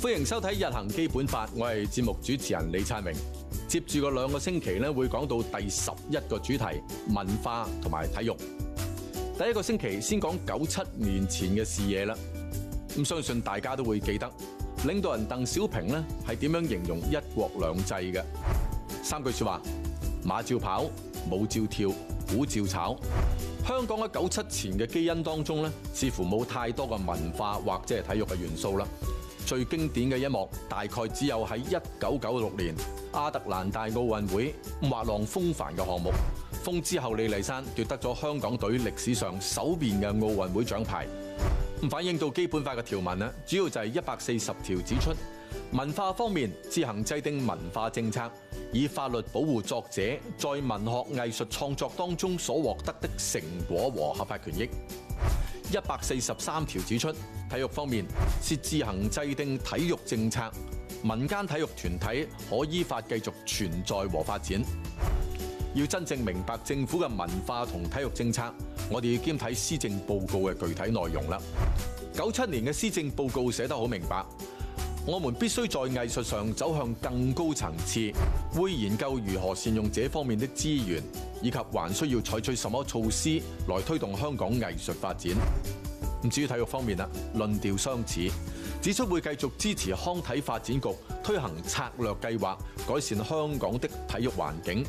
歡迎收睇《日行基本法》，我係節目主持人李燦榮。接住個兩個星期咧，會講到第十一個主題文化同埋體育。第一個星期先講九七年前嘅視野啦。咁相信大家都會記得領導人鄧小平咧係點樣形容一國兩制嘅三句說話：馬照跑，舞照跳，股照炒。香港喺九七前嘅基因當中咧，似乎冇太多嘅文化或者係體育嘅元素啦。最經典嘅一幕大概只有喺一九九六年亞特蘭大奧運會滑浪風帆嘅項目，風之后李麗珊奪得咗香港隊歷史上首面嘅奧運會獎牌。咁反映到基本法嘅條文主要就係一百四十條，指出文化方面自行制定文化政策，以法律保護作者在文學藝術創作當中所獲得的成果和合法權益。一百四十三條指出，體育方面係自行制定體育政策，民間體育團體可依法繼續存在和發展。要真正明白政府嘅文化同體育政策，我哋要兼睇施政報告嘅具體內容啦。九七年嘅施政報告寫得好明白。我們必須在藝術上走向更高層次，會研究如何善用這方面的資源，以及還需要採取什麼措施來推動香港藝術發展。咁至於體育方面啦，論調相似，指出會繼續支持康體發展局推行策略計劃，改善香港的體育環境，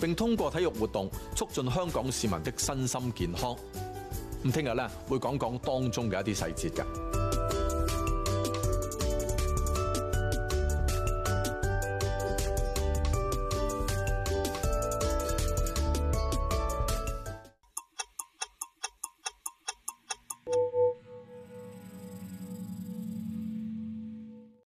並通過體育活動促進香港市民的身心健康。咁聽日咧會講講當中嘅一啲細節嘅。